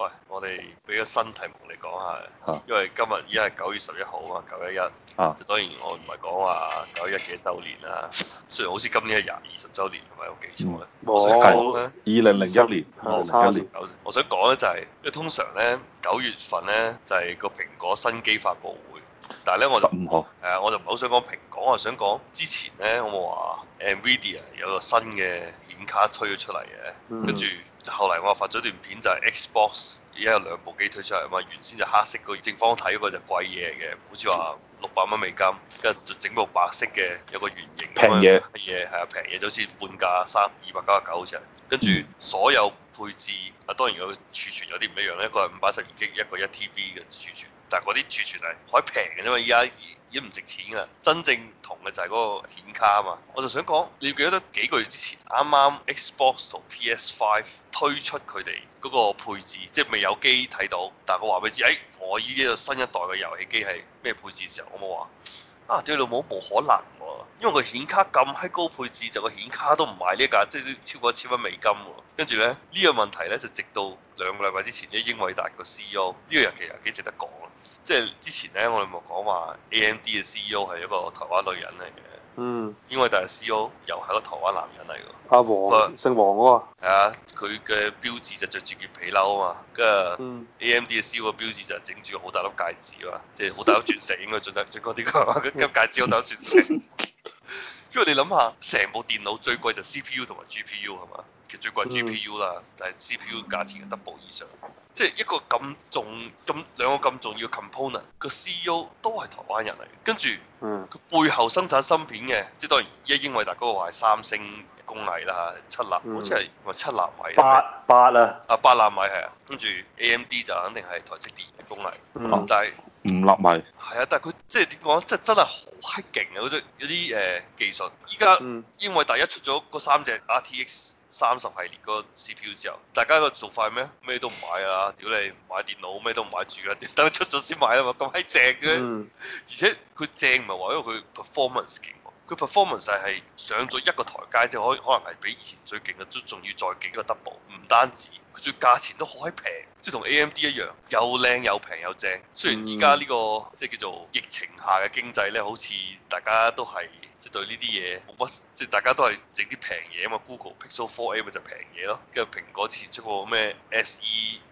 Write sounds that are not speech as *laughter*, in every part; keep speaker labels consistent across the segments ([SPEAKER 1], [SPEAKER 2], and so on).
[SPEAKER 1] 喂，我哋俾個新題目嚟講下，因為今日依家係九月十一號11，啊，九一一，就當然我唔係講話九一嘅周年啦。雖然好似今年係廿二十周年，唔係有幾長咧？哦、我想講咧，二零零一年，九我想講咧就係、是，因為通常咧九月份咧就係、是、個蘋果新機發布會，但係咧我十五號，誒、呃、我就唔係好想講蘋果，我想講之前咧我話，NVIDIA 有個新嘅顯卡推咗出嚟嘅，跟住。嗯嗯後嚟我又發咗段片，就係 Xbox 而家有兩部機推出嚟，咁啊原先就黑色個正方體嗰個就貴嘢嘅，好似話六百蚊美金，跟住就整部白色嘅有個圓
[SPEAKER 2] 形平嘢，
[SPEAKER 1] 乜嘢係啊平嘢，就好似半價三二百九十九好似啊，跟住所有配置啊當然個儲存有啲唔一樣，一個係五百十二 G，一個一 TB 嘅儲存，但係嗰啲儲存係好平嘅啫嘛，依家。已經唔值錢㗎，真正同嘅就係嗰個顯卡啊嘛。我就想講，你要記得幾個月之前，啱啱 Xbox 同 PS5 推出佢哋嗰個配置，即係未有機睇到，但係我話俾你知，誒、哎，我依家新一代嘅遊戲機係咩配置嘅時候，我冇話啊對老母冇可能喎、啊，因為個顯卡咁閪高配置，就個顯卡都唔賣呢架，即係超過一千蚊美金喎、啊。跟住咧，呢、呢個問題咧就直到兩個禮拜之前，呢英偉達個 CEO 呢個人其實幾值得講。即係之前咧，我哋咪講話 A M D 嘅 C E O 係一個台灣女人嚟嘅，嗯，因為但係 C E O 又係個台灣男
[SPEAKER 3] 人嚟嘅，阿黃啊，王是啊，姓黃喎，
[SPEAKER 1] 係啊，佢嘅標誌就着住件皮褸啊嘛，跟住 A M D 嘅 C E O 嘅標誌就整住好大粒戒指啊嘛，即係好大粒鑽石應該過、這個，最大最貴啲嘅金戒指，好大粒鑽石。 *laughs* 因為你諗下，成部電腦最貴就 C P U 同埋 G P U 係嘛？其實最貴係 G P U 啦，嗯、但係 C P U 價錢係 double 以上，嗯、即係一個咁重咁兩個咁重要嘅 component 個 C E O 都係台灣人嚟，跟住佢背後生產芯片嘅，即係當然一英偉達嗰個係三星工藝啦，七納，嗯、好似係話七納米啦，八八啊，啊八納米係啊，跟住 A M D 就肯定係台積電嘅工藝，嗯、但係五納米，係啊，但係佢即係點講，即係真係好閪勁啊！嗰種嗰啲誒技術，依家英偉達一出咗嗰三隻 R T X。嗯嗯嗯三十系列嗰個 C P U 之後，大家個做快咩？咩都唔買啊！屌你買電腦，咩都唔買住啊！等出咗先買啊嘛，咁閪正嘅，hmm. 而且佢正唔係話因為佢 performance 勁。佢 performance 係上咗一個台階，即係可可能係比以前最勁嘅都仲要再勁個 double，唔單止，佢最價錢都好閪平，即係同 AMD 一樣，又靚又平又正。雖然而家呢個即係、就是、叫做疫情下嘅經濟咧，好似大家都係即係對呢啲嘢冇乜，即係、就是、大家都係整啲平嘢啊嘛。Google Pixel 4A 咪就平嘢咯，跟住蘋果之前出過咩 SE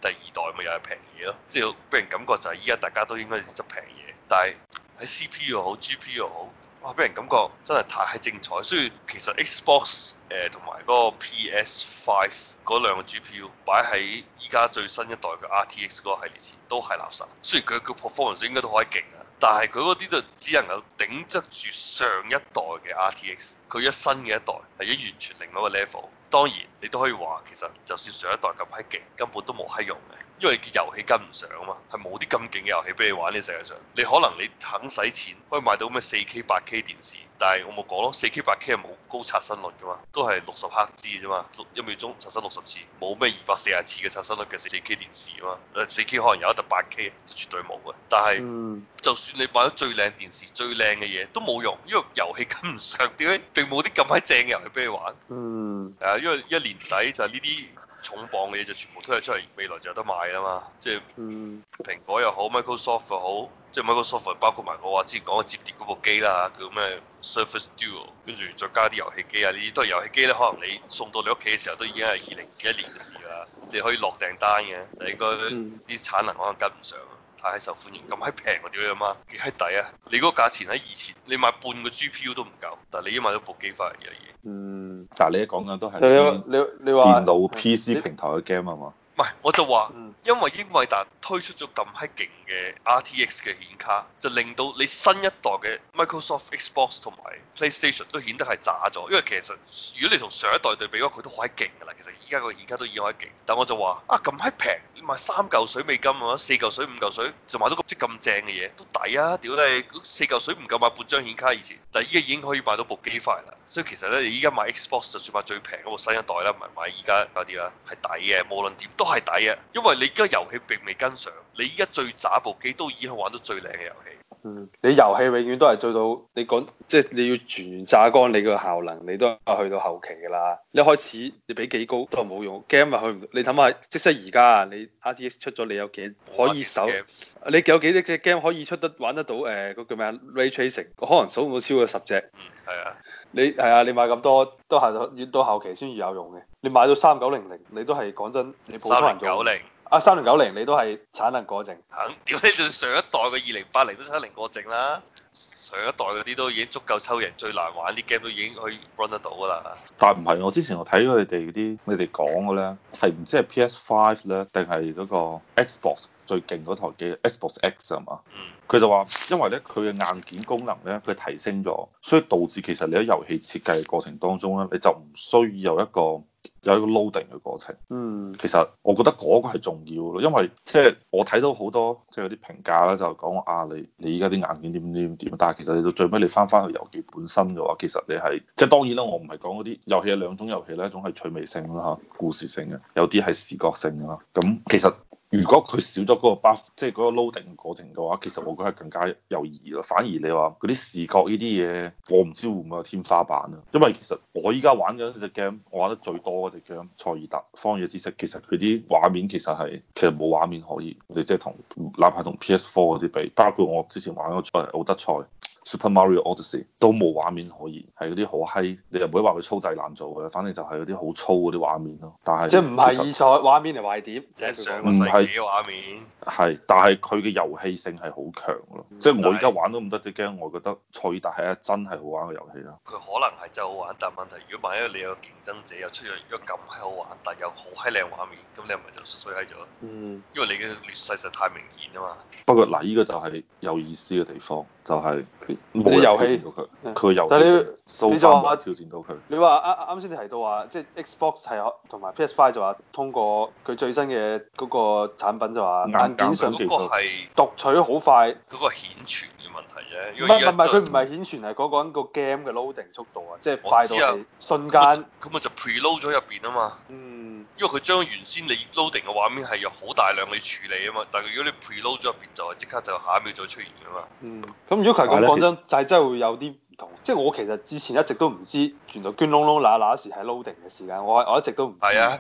[SPEAKER 1] 第二代咪又係平嘢咯，即係俾人感覺就係依家大家都應該要執平嘢，但係喺 CPU 又好 GPU 又好。我俾人感覺真係太精彩。雖然其實 Xbox 誒、呃、同埋嗰個 PS Five 嗰兩個 GPU 擺喺依家最新一代嘅 RTX 嗰個系列前都係垃圾。雖然佢佢 performance 應該都好可以勁啊，但係佢嗰啲就只能夠頂得住上一代嘅 RTX。佢一新嘅一代係已完全另一個 level。當然，你都可以話其實，就算上一代咁閪勁，根本都冇閪用嘅，因為嘅遊戲跟唔上啊嘛，係冇啲咁勁嘅遊戲俾你玩呢、這個、世界上。你可能你肯使錢，可以買到咩四 K、八 K 電視，但係我冇講咯，四 K、八 K 係冇高刷新率噶嘛，都係六十赫茲嘅啫嘛，一秒鐘刷新六十次，冇咩二百四十次嘅刷新率嘅四 K 電視啊嘛。四 K 可能有一台八 K，絕對冇嘅。但係，就算你買咗最靚電視、最靚嘅嘢，都冇用，因為遊戲跟唔上，點解並冇啲咁閪正嘅遊戲俾你玩？嗯誒，因為一年底就係呢啲重磅嘅嘢就全部推出出嚟，未來就有得賣啦嘛。即係蘋果又好，Microsoft 又好，即係 Microsoft 包括埋我話之前講嘅折疊嗰部機啦，叫咩 Surface Duo，跟住再加啲遊戲機啊，呢啲都係遊戲機咧。可能你送到你屋企嘅時候都已經係二零幾一年嘅事啦。你可以落訂單嘅，但係應該啲產能可能跟唔上，太係受歡迎，咁係平喎，點樣啊？幾係抵啊？你嗰個價錢喺以前你買半個 G P U 都唔夠，但係你已經買咗部機翻嚟嘅嘢。
[SPEAKER 2] 但係你講緊都係你你話電腦 P C 平台嘅 game 係嘛說？吧
[SPEAKER 1] 唔係，我就話，因為英偉達推出咗咁閪勁嘅 RTX 嘅顯卡，就令到你新一代嘅 Microsoft Xbox 同埋 PlayStation 都顯得係渣咗。因為其實如果你同上一代對比，嗰佢都好閪勁噶啦。其實依家個顯卡都已經好閪勁，但我就話啊咁閪平，你買三嚿水美金四嚿水五嚿水就買到個即咁正嘅嘢，都抵啊！屌你，四嚿水唔夠買半張顯卡以前。但依家已經可以買到部機翻啦，所以其實咧，你依家買 Xbox 就算買最平嗰個新一代啦，唔係買依家嗰啲啦，係抵嘅，無論點都。都係抵嘅，因為你而家遊戲並未跟上，你依家最渣部機都已經係玩到最靚嘅遊戲。嗯，
[SPEAKER 3] 你遊戲永遠都係做到你講，即係你要全榨乾你個效能，你都去到後期噶啦。一開始你俾幾高都係冇用，game 咪去唔到。你諗下，即使而家你 RTX 出咗，你有幾可以手？啊、你有幾隻 game 可以出得玩得到？誒、呃，個叫咩 Ray Tracing，可能數唔到超過十隻。嗯，係啊。你係啊，你買咁多都係要到後期先要有用嘅。你買到三九零零，你都係講真，你普通人都三零九零啊三零九零，你都係產能過剩。
[SPEAKER 1] 哼，屌你就上一代嘅二零八零都產能過剩啦。上一代嗰啲都已經足夠抽型，最難玩啲 game 都已經可以 run 得到㗎喇，
[SPEAKER 3] 但
[SPEAKER 2] 係唔係我之前我睇佢哋嗰啲，你哋講嘅咧係唔知係 PS Five 咧定係嗰個 Xbox 最勁嗰台機 Xbox X 啊嘛，佢、嗯、就話因為咧佢嘅硬件功能咧佢提升咗，所以導致其實你喺遊戲設計嘅過程當中咧，你就唔需要有一個。有一個 loading 嘅過程，嗯，其實我覺得嗰個係重要咯，因為即係、就是、我睇到好多即係、就是、有啲評價啦，就講啊你你依家啲硬件點點點，但係其實你到最尾你翻翻去遊戲本身嘅話，其實你係即係當然啦，我唔係講嗰啲遊戲有兩種遊戲咧，一種係趣味性啦嚇，故事性嘅，有啲係視覺性啦，咁其實。如果佢少咗嗰個 buff，即係嗰個 loading 過程嘅話，其實我覺得係更加有意義咯。反而你話嗰啲視覺呢啲嘢，我唔知會唔會有天花板啊？因為其實我依家玩緊隻 game，我玩得最多嗰隻 game《賽爾達：荒野之息》，其實佢啲畫面其實係其實冇畫面可以，我哋即係同哪怕同 PS Four 嗰啲比，包括我之前玩嗰個賽，奧德賽。Super Mario Odyssey 都冇畫面可以，係嗰啲好閪，你又唔會話佢粗製濫造嘅，反正就係嗰啲好粗嗰啲畫面咯。但係即係唔係二
[SPEAKER 3] 彩畫面嚟壞碟，即係上個世紀嘅畫面。
[SPEAKER 2] 係，但係佢嘅遊戲性係好強咯。嗯、即係我而家玩都唔得意，驚我覺得賽爾達係一真係好玩嘅遊戲咯。
[SPEAKER 1] 佢可能係真好玩，但係問題如果萬一你有競爭者又出咗一個咁閪好玩，但又好閪靚畫面，咁你係咪就衰閪咗？嗯，
[SPEAKER 3] 因為你嘅劣勢實太明顯啊嘛。不過嗱，呢、呢
[SPEAKER 2] 個就係有意思嘅地方，就係、係。
[SPEAKER 3] 冇遊戲，到佢，佢遊，但係你你就話挑戰到佢。你話啱啱先提到話，即係 Xbox 係同埋 PS Five 就話通過佢最新嘅嗰個產品就話硬件硬上嗰個係讀取好快，嗰個顯存嘅問題啫。唔係，唔係，佢唔係顯存係嗰個、嗰個 game 嘅 loading 速度啊，即係快到係瞬間咁
[SPEAKER 1] 啊，就，就 preload 咗入邊啊嘛。嗯。因為佢將原先你 loading 嘅畫面係有好大量嘅處理啊嘛，但係如果你 preload 咗入邊，就係即刻就下一秒再出現啊嘛。嗯，
[SPEAKER 3] 咁如果佢咁講真，就係真係會有啲唔同。即係我其實之前一直都唔知原來捐窿窿嗱嗱時係 loading 嘅時間，我我一直都唔係啊。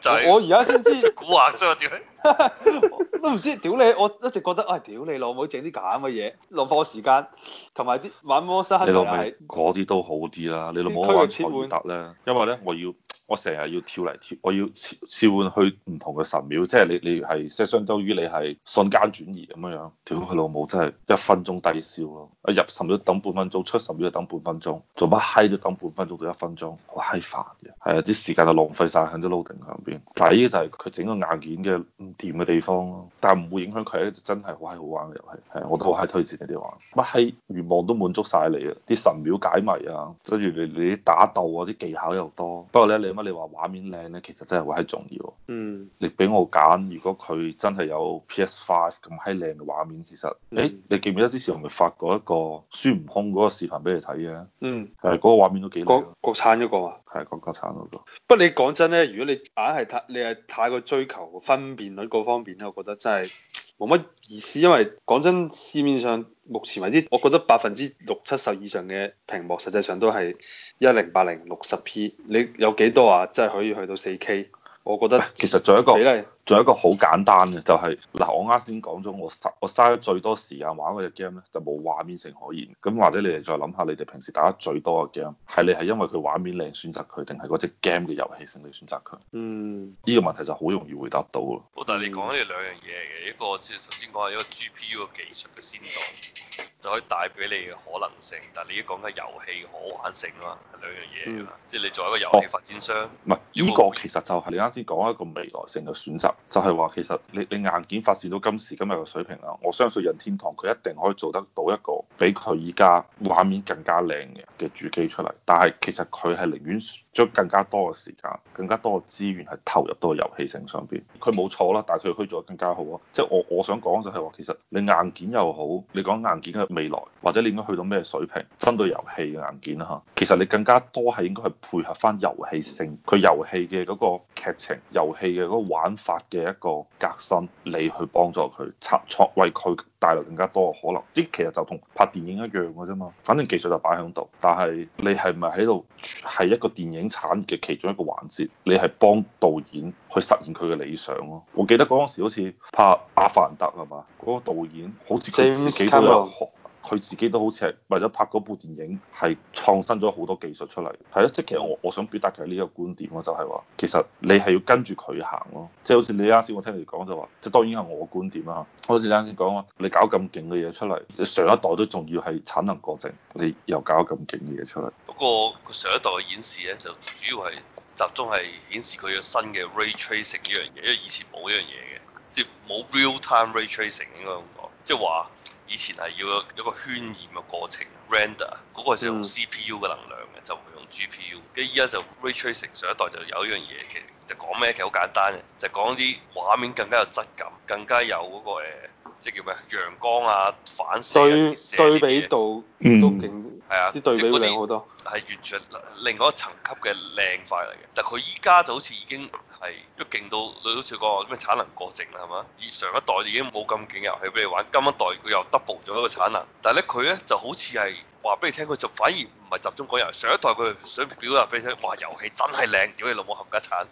[SPEAKER 3] 就我而家先知。即係估下啫！我屌你，都唔知屌你，我一直覺得啊，屌你，老母整啲咁嘅嘢，浪費時間同埋啲玩播。你攞咪
[SPEAKER 2] 嗰啲都好啲啦，你老母。得話咧，因為咧我要。我成日要跳嚟跳，我要切換去唔同嘅神廟，即係你你係即係相當於你係瞬間轉移咁樣樣。屌佢老母真係一分鐘低消咯，入神廟等半分鐘，出神廟就等半分鐘，做乜閪都等半分鐘到一分鐘，好閪煩嘅。係啊，啲時間就浪費晒，喺啲 loading 上邊。但係依個就係佢整個硬件嘅唔掂嘅地方咯，但係唔會影響佢係真係好閪好玩嘅遊戲。係，我都好閪推薦你哋玩。乜閪願望都滿足晒你啊，啲神廟解謎啊，跟住你你啲打鬥啊，啲技巧又多。不過咧你。咁你話畫面靚咧，其實真係好閪重要。嗯，你俾我揀，如果佢真係有 PS Five 咁閪靚嘅畫面，其實，誒、嗯，你記唔記得之前我咪發過一個孫悟空嗰個視頻俾你睇嘅？嗯，係嗰個畫面都幾好，國國產嗰個嘛，啊，係國國產嗰個。不
[SPEAKER 3] 過你講真咧，如果你硬係太，你係太過追求分辨率嗰方面咧，我覺得真係。冇乜意思，因為講真，市面上目前為止我覺得百分之六七十以上嘅屏幕，實際上都係一零八零、六十 P，你有幾多啊？即係可以去到四 K？我覺得其實仲有一個。
[SPEAKER 2] 仲有一個好簡單嘅就係、是、嗱，我啱先講咗我我嘥咗最多時間玩嗰隻 game 咧，就冇畫面性可言。咁或者你哋再諗下，你哋平時打得最多嘅 game，係你係因為佢畫面靚選擇佢，定係嗰隻 game 嘅遊戲性你選擇佢？嗯，呢個問題就好容易回答到咯。好、嗯，
[SPEAKER 1] 但係你講呢兩樣嘢嘅一個，即係首先講係一個 G P U 嘅技術嘅先導就可以帶俾你嘅可能性。但係你講緊遊戲可玩性啊嘛，兩樣嘢，即係你作為一個遊戲發展商，
[SPEAKER 2] 唔係呢個其實就係、是、你啱先講一個未來性嘅選擇。就係話，其實你你硬件發展到今時今日嘅水平啦，我相信任天堂佢一定可以做得到一個比佢依家畫面更加靚嘅嘅主機出嚟。但係其實佢係寧願將更加多嘅時間、更加多嘅資源係投入到遊戲性上邊。佢冇錯啦，但係佢可以做得更加好啊！即係我我想講就係話，其實你硬件又好，你講硬件嘅未來，或者你應該去到咩水平？針對遊戲嘅硬件啦嚇，其實你更加多係應該係配合返遊戲性，佢遊戲嘅嗰個，劇情、遊戲嘅嗰、那個、玩法嘅一個革新，你去幫助佢拆創，為佢帶來更加多嘅可能。即其實就同拍電影一樣嘅啫嘛，反正技術就擺喺度，但係你係咪喺度係一個電影產業嘅其中一個環節？你係幫導演去實現佢嘅理想咯、啊。我記得嗰陣時好似拍《阿凡達》係嘛，嗰個導演好似自己都有學佢自己都好似係為咗拍嗰部電影，係創新咗好多技術出嚟、啊。係咯，即係其實我我想表達嘅係呢個觀點咯，就係話其實你係要跟住佢行咯。即係好似你啱先我聽你講就話，即係當然係我嘅觀點啦、啊。好似你啱先講啊，你搞咁勁嘅嘢出嚟，你上一代都仲要係產能過剩，你又搞咁勁嘅嘢出嚟。
[SPEAKER 1] 不過佢上一代嘅演示咧，就主要係集中係顯示佢嘅新嘅 ray tracing 呢樣嘢，因為以前冇呢樣嘢嘅，即係冇 real time ray tracing 應該咁講，即係話。以前係要有一個渲染嘅過程 render，嗰個係用 C P U 嘅能量嘅，嗯、就唔用 G P U。跟依家就 ray tracing 上一代就有一樣嘢，其實就講咩？其實好簡單嘅，就講啲畫面更加有質感，更加有嗰、那個即係、就是、叫咩？陽光啊，
[SPEAKER 3] 反射、啊、對，射對比度、嗯、都勁。
[SPEAKER 1] 係啊，啲對比靚好多，係完全另外一個層級嘅靚塊嚟嘅。但係佢依家就好似已經係都勁到，好似個咩產能過剩啦，係嘛？而上一代已經冇咁勁嘅遊戲俾你玩，今一代佢又 double 咗一個產能，但係咧佢咧就好似係話俾你聽，佢就反而唔係集中講遊戲。上一代佢想表達俾你聽，哇遊戲真係靚屌你老母冚家產，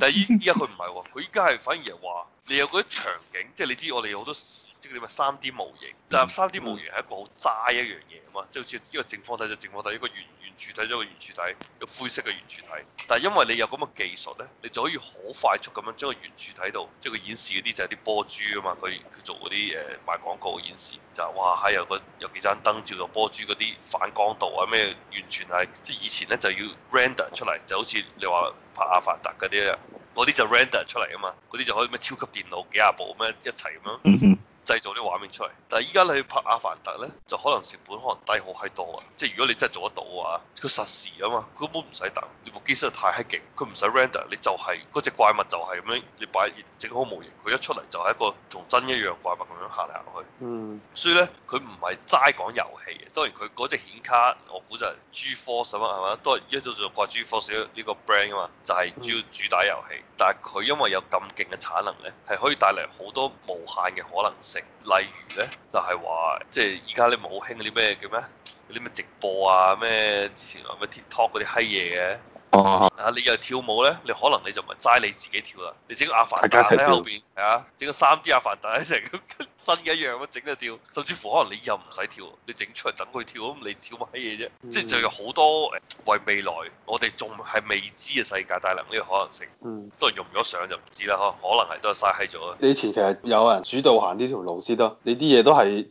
[SPEAKER 1] 但係依依家佢唔係喎，佢依家係反而係話。你有嗰啲場景，即係你知我哋有好多時，即係你話三 D 模型，但係三 D 模型係一個好渣一樣嘢啊嘛，即係好似呢個正方體就正方體，一個圓，圓柱體就個圓柱體，個灰色嘅圓柱體。但係因為你有咁嘅技術咧，你就可以好快速咁樣將個圓柱體度，即係佢演示嗰啲就係啲波珠啊嘛，佢做嗰啲誒賣廣告嘅演示就係、係、哇嚇，有個有幾盞燈照到波珠嗰啲反光度啊咩，完全係即係以前咧就要 render 出嚟，就好似你話拍阿凡達嗰啲啊。嗰啲就 render 出嚟啊嘛，嗰啲就可以咩超級電腦幾廿部咁樣一齊咁樣。 *laughs* 製造啲畫面出嚟，但係依家你去拍阿凡達咧，就可能成本可能低好喺度啊！即係如果你真係做得到嘅話，佢實時啊嘛，佢根本唔使等。你部機實在太閪勁，佢唔使 render，你就係、是、嗰隻怪物就係咁樣，你擺整好模型，佢一出嚟就係一個同真一樣怪物咁樣行嚟行去。嗯。所以咧，佢唔係齋講遊戲嘅，當然佢嗰隻顯卡我估就係 GeForce 什麼係嘛，都係一早就掛 GeForce 少呢個 brand 啊嘛，就係、是、主要、嗯、主打遊戲。但係佢因為有咁勁嘅產能咧，係可以帶嚟好多無限嘅可能性。例如咧就係話即係依家咧冇興嗰啲咩叫咩嗰啲咩直播啊咩，之前話咩 TikTok 嗰啲閪嘢嘅。哦。啊，你又跳舞咧，你可能你就唔係齋你自己跳啦，你整個阿凡達喺後邊，係啊，整個三 D 阿凡達喺成咁。 *laughs* 新嘅一樣，咁整得跳。甚至乎可能你又唔使跳，你整出嚟等佢跳，咁你照乜嘢啫？嗯、即係仲有好多為未來，我哋仲係未知嘅世界帶來呢個可能性。嗯，都係用咗上就唔知啦。可能係都係嘥閪咗。你以前
[SPEAKER 3] 其實有人主導行呢條路先咯。你啲嘢都係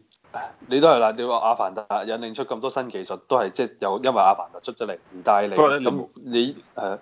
[SPEAKER 3] 你都係嗱，你話阿凡達引領出咁多新技術，都係即係有，因為阿凡達出咗嚟唔帶嚟咁你誒。